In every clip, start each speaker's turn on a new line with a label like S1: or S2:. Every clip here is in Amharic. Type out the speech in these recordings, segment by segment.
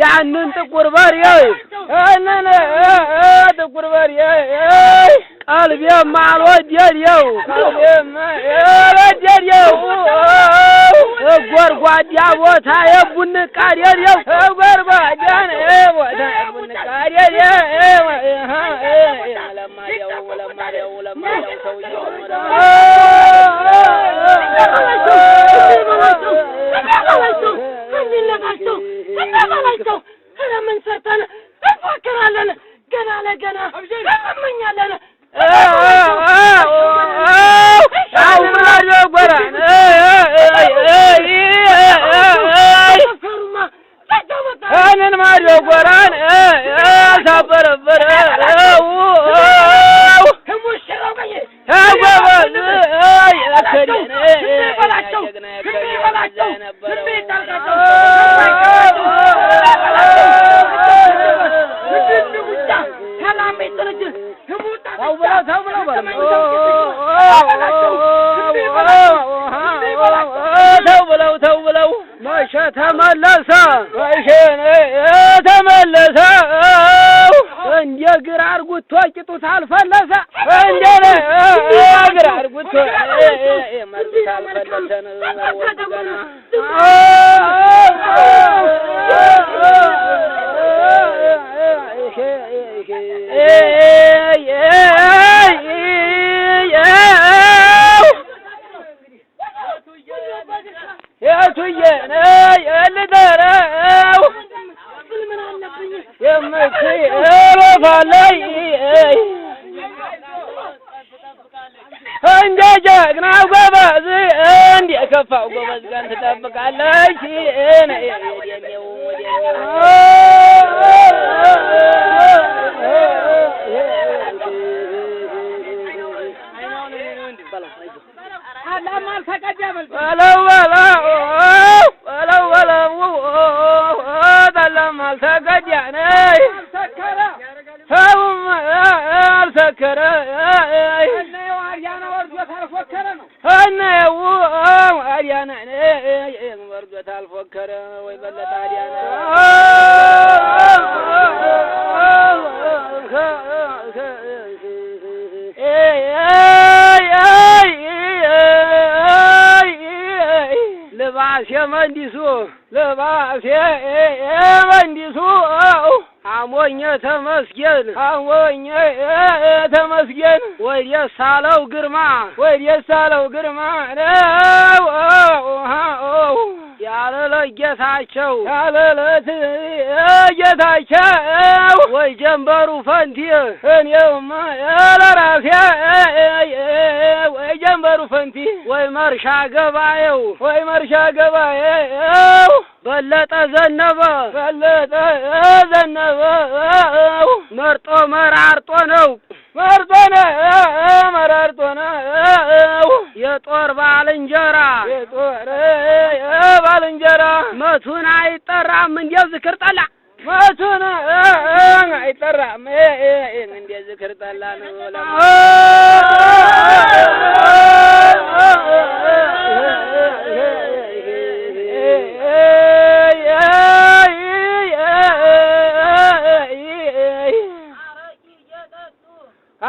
S1: ያንን ጥቁር በሬ
S2: ያንን ጥቁር በሬ
S1: ቀልቤማ አልወደደው
S2: አልወደደው
S1: ጎርጓዳ ቦታ የቡን ቃደደው
S2: ጎርጓዳ ቦታ የቡን ቃደደው
S3: የሚነጋቸው እናበላቸው። ስለምን ሰርተን እንፎክራለን። ገና ለገና እንመኛለን።
S2: ጎራን ብለው ተው ብለው
S1: መቼ ተመለሰ
S2: መቼ ተመለሰ
S1: እንደ ግራር ጉቶ ቂጡት አልፈለሰ
S2: እንደ ግራር ጉቶ አልፈለሰ የምትይ እበፋለይ እንደ ጀግናው ጎበዝ እንደ ከፋው ጎበዝ ቀን ትጠብቃለች። በለው በለው اي اي اي اي وردوة الفكر ويبلت هاريانا
S1: لبعث يا مهندسو
S2: لبعث يا مهندسو
S1: አሞኘ ተመስገን
S2: አሞኘ ተመስገን
S1: ወይ ደሳለው ግርማ
S2: ወይ ደሳለው ግርማ
S1: ያለለ ጌታቸው
S2: ያለለት ጌታቸው
S1: ወይ ጀንበሩ ፈንቲ
S2: እኔውማ ለራሴ ወይ ጀንበሩ ፈንቲ
S1: ወይ መርሻ ገባየው
S2: ወይ መርሻ ገባየው
S1: በለጠ ዘነበ
S2: በለጠ ዘነበ
S1: መርጦ መራርጦ ነው
S2: መርጦ ነው መራርጦ ነው
S1: የጦር ባልንጀራ
S2: የጦር ባልንጀራ
S1: መቱን አይጠራም እንዴ ዝክር ጠላ
S2: መቱን አይጠራም እንዴ ዝክር ጠላ ነው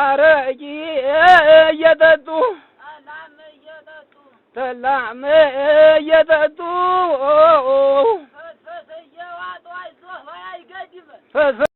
S2: አረቂ እየጠጡ ተላም እየጠጡ
S3: ፈሰስ